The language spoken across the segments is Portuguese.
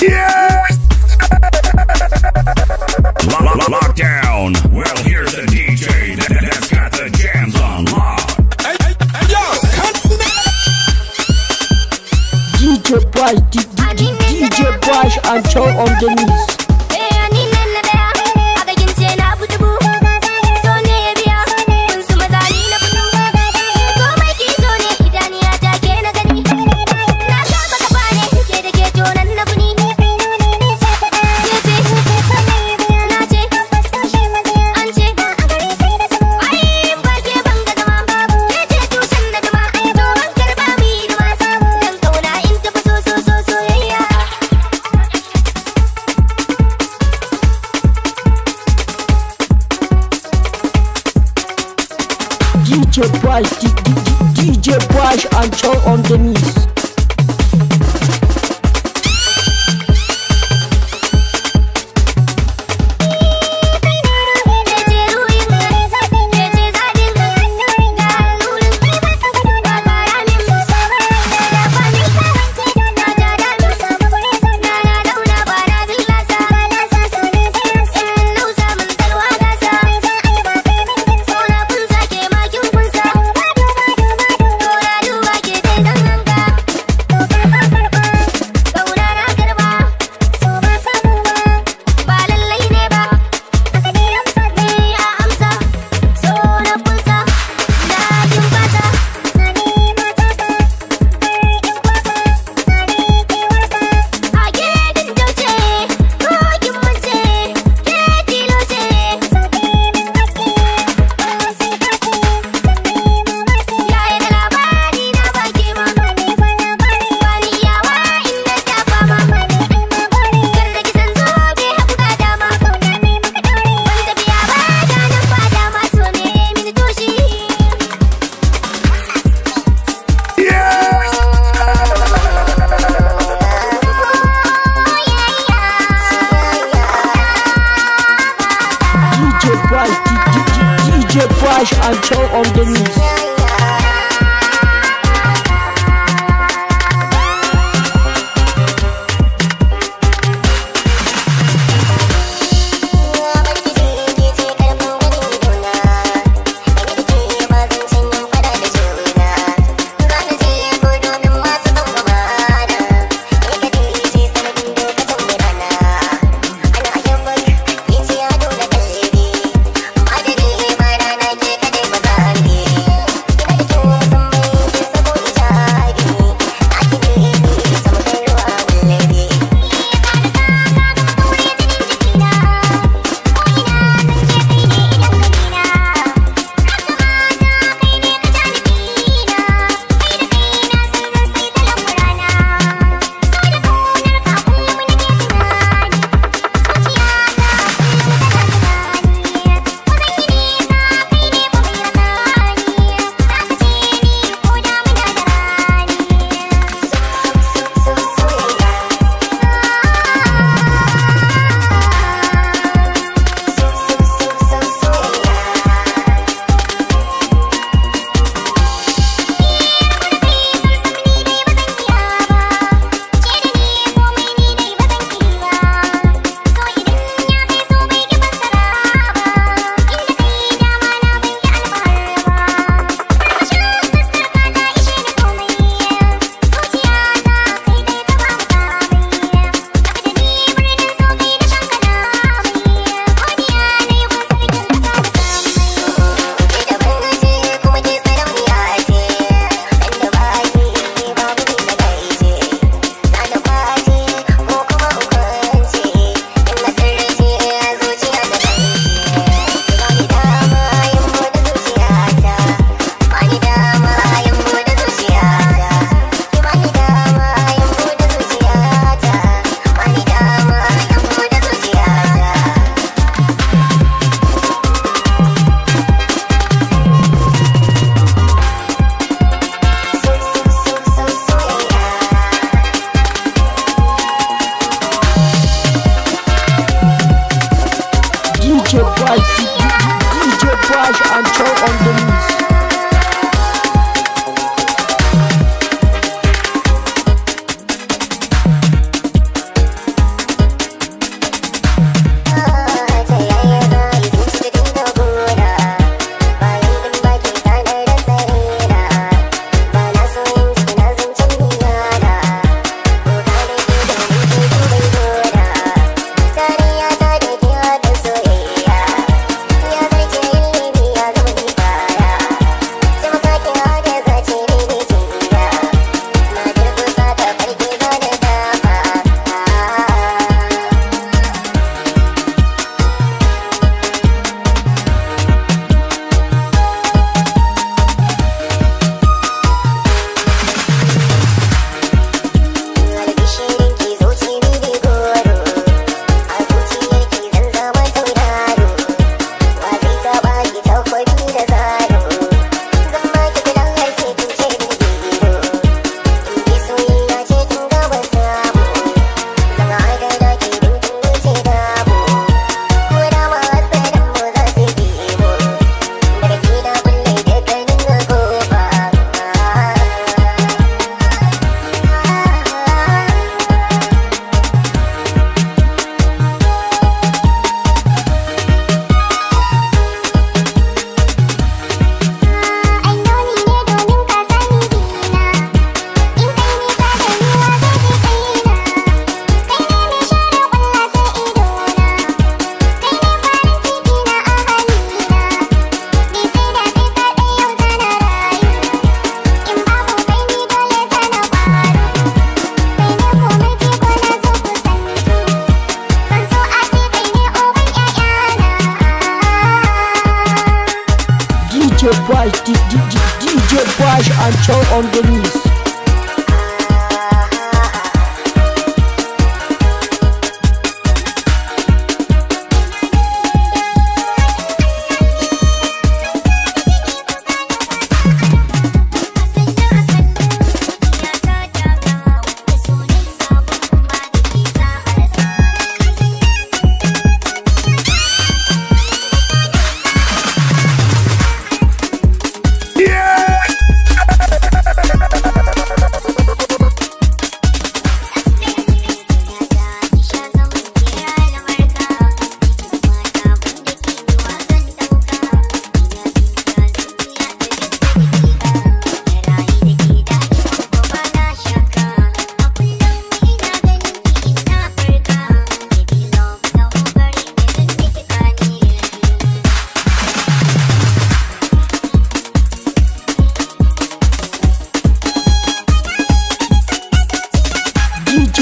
Yeah! Lock, lock, lock down. Well, here's DJ that, has got the jams on lock. yo! DJ DJ and Joe on the knees. all on the music.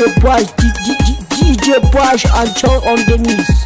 DJ Boys, DJ Boys and Chong on the knees.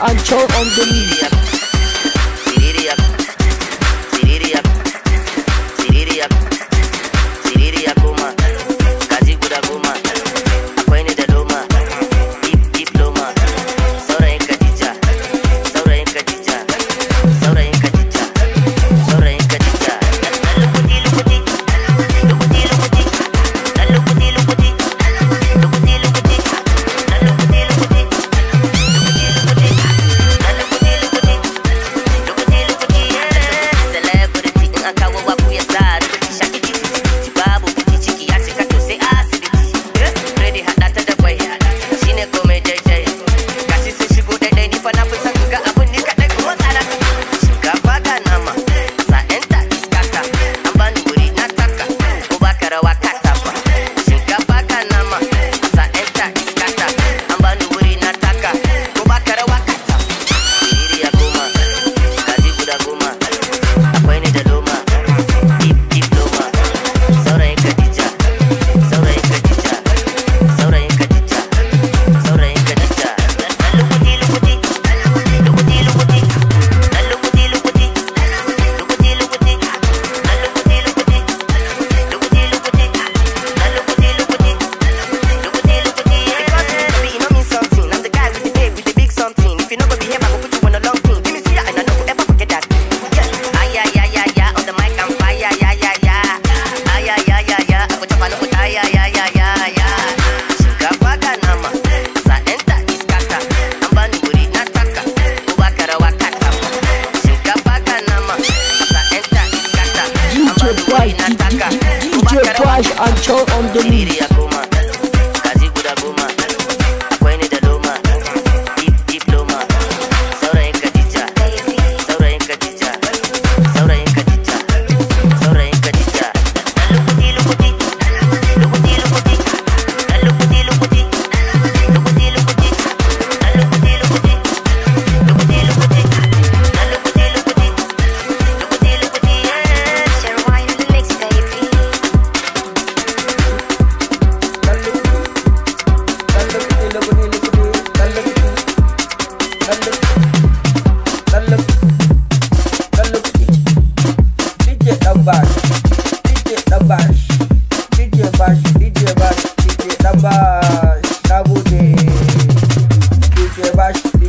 and chow on the media.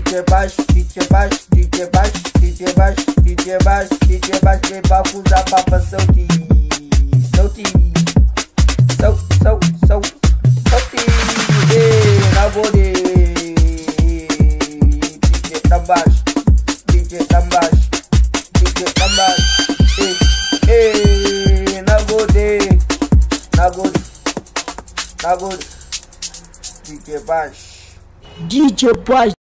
DJ baixo, DJ baixo, DJ baixo, DJ baixo, DJ baixo, DJ baixo, DJ baixo, usa baixo, solte, solte, sol, sol, sol, baixo, ei, na bolê, DJ tá baixo, DJ tá baixo, DJ tá baixo, ei, ei, na baixo, na baixo, na baixo, DJ baixo. DJ Paz.